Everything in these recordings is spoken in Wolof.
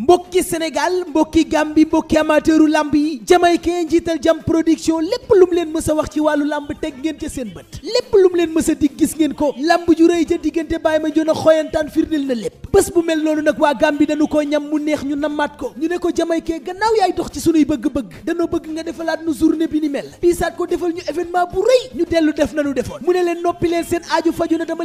mbokki Sénégal mbokki Gambie mbokki amateuru lamb yi jamaykee njiital jam production lépp lum leen mës a wax ci wàllu lamb teg ngeen ca seen bët lépp lum leen mës a dig gis ngeen ko lamb ju rëy ca diggante bàyyi ma joon a xooyantaan firndil lépp bés bu mel noonu nag waa Gambie dañu koo ñam mu neex ñu namaat ko ñu ne ko jamaykee gannaaw yaay dox ci sunuy bëgg-bëgg danoo bëgg nga defalaat nu journée bi ni mel piisaat ko defal ñu événement bu rëy ñu dellu def nanu defoon mu ne leen noppi leen seen aaju faju na dama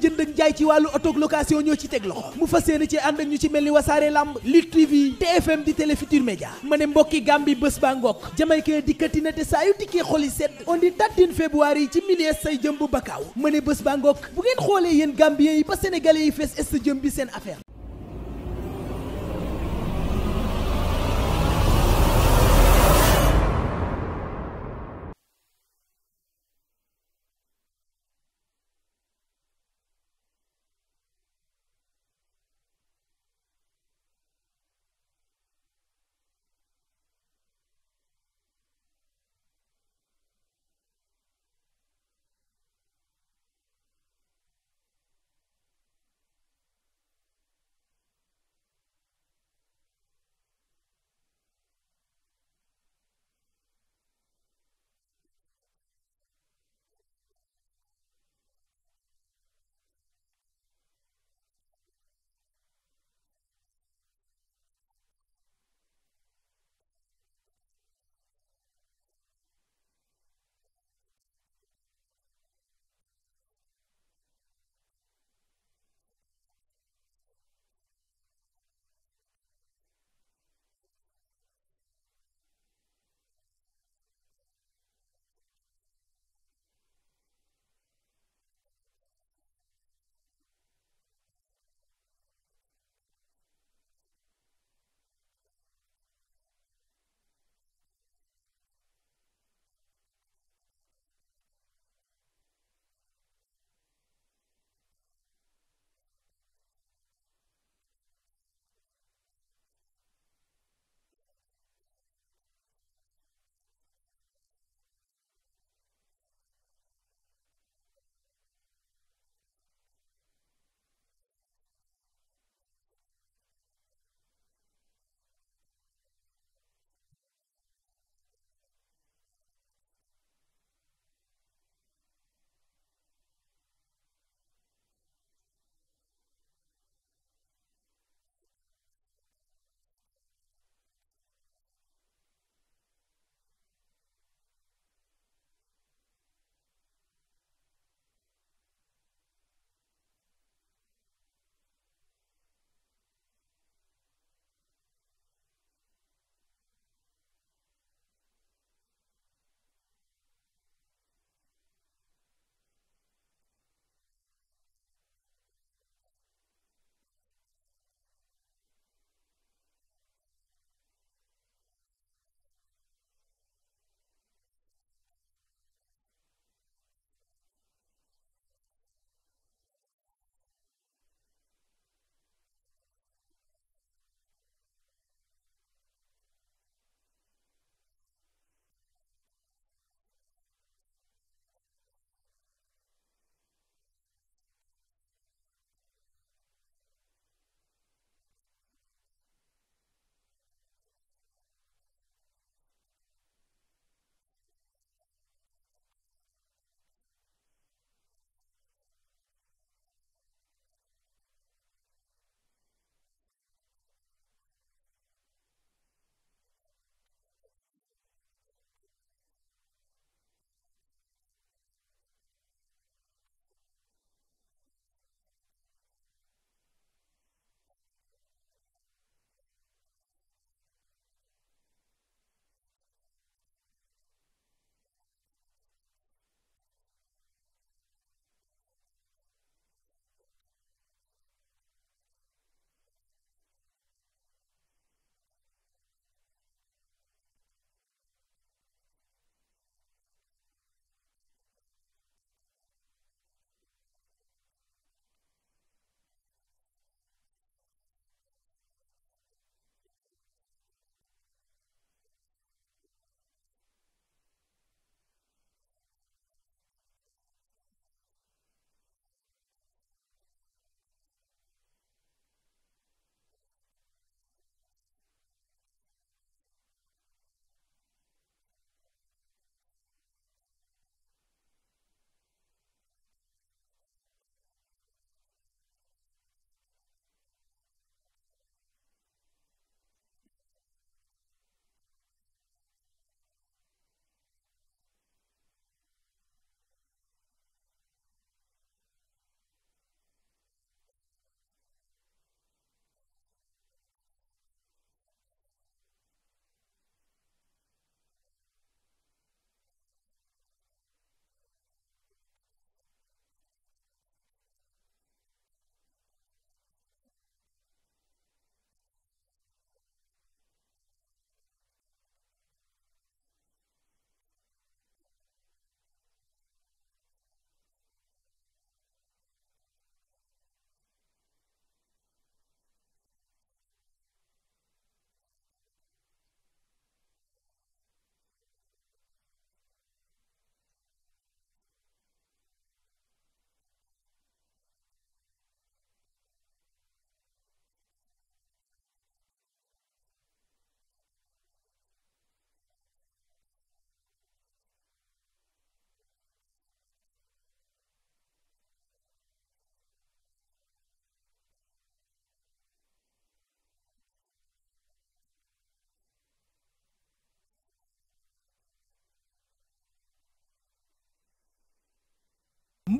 jënd ak jaay ci wàllu auto location ñoo ci teg loxo mu fa yéene ci ànd ak ñu ci mel ni wasaare lamb Lutte TV fm di Télé Futurs ma ne mbokki Gambie bés ba ngokk jamaykee dikkati na te saa yu dikkee xoli sedd on di dattin février yi ci milies say jëm bu bakkaaw ma ne bés ba ngokk bu ngeen xoolee yéen Gambiens yi ba Sénégalais yi fees est jëm bi seen affaire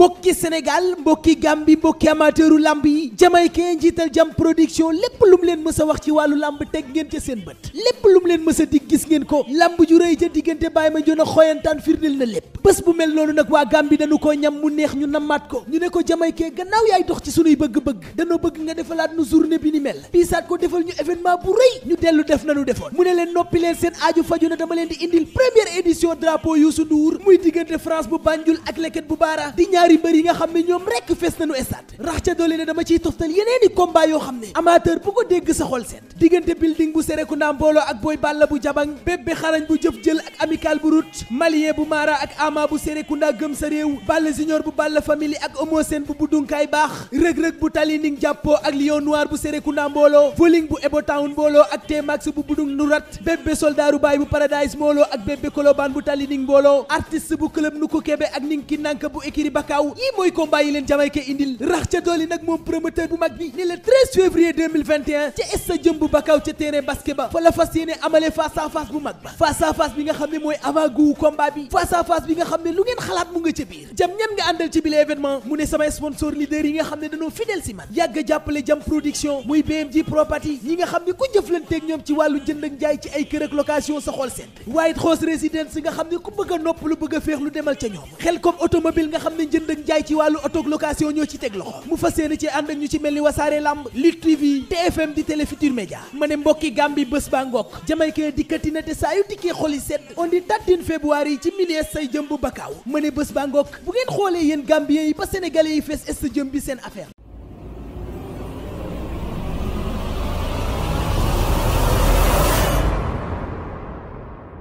mbokki Sénégal mbokki Gambie mbokki amateuru lamb yi jamaykee njiital jam production lépp lum leen mës wax ci wàllu lamb teg ngeen ca seen bët lépp lum leen mës a dig gis ngeen ko lamb ju rëy ca diggante bàyyi ma jon a xoyantaan firndil na lépp bés bu mel noonu nag waa Gambie dañu ko ñam mu neex ñu namaat ko ñu ne ko jamaykee gannaaw yaay dox ci sunuy bëgg-bëgg danoo bëgg nga defalaat nu journée bi ni mel piisaat ko defal ñu événement bu rëy ñu dellu ñaari mbër yi nga xam ne ñoom rekk fees nañu stade rax ca doole ne dama ciy toftal yeneen combat yoo xam ne amateur bu ko dégg sa xol seet diggante building bu Serekunda mbooloo ak Boy Balla bu jabang bébbe xarañ bu jëf jël ak amical bu rut malien bu maara ak ama bu Serekunda gëm sa réew Balla junior bu Balla family ak Homo Sène bu buddunkaay baax rëg-rëg bu tali ning jàppoo ak lion noir bu Serekunda mbooloo voling bu Ebo Town mbooloo ak T-Max bu budung nurat bébbe ak bébbe kolobaan bu tali ning mbooloo artiste bu club nu ko Bakaaw mooy combat yi leen Jamaïque indil rax ca dooli nag moom promoteur bu mag bi ni le février ca es sa jëmb Bakaaw ca terrain basket fa la fas yéene amalee face à bu mag ba face à bi nga xam ne mooy avant guu combat bi face à bi nga xam ne lu ngeen xalaat mu nga ca biir jam ñan nga àndal ci bile événement mu ne samay sponsor leader yi nga xam ne dañoo fidèle si man yàgg jàppale jam production muy BMG property yi nga xam ne ku jëflanteeg ñoom jënd ak jaay ci wàllu auto location ñoo ci teg loxo mu fas yéene ci ànd ñu ci mel ni wasaare lamb Lutte TV fm di Télé Futurs ma ne mbokki Gambie bés ba ngokk jamaykee dikkati na te saa yu dikkee xoli sedd on di tattin février yi ci milies say jëm bu bakkaaw ma ne bés ba ngokk bu ngeen xoolee yéen Gambiens yi ba Sénégalais yi fees est jëm bi seen affaire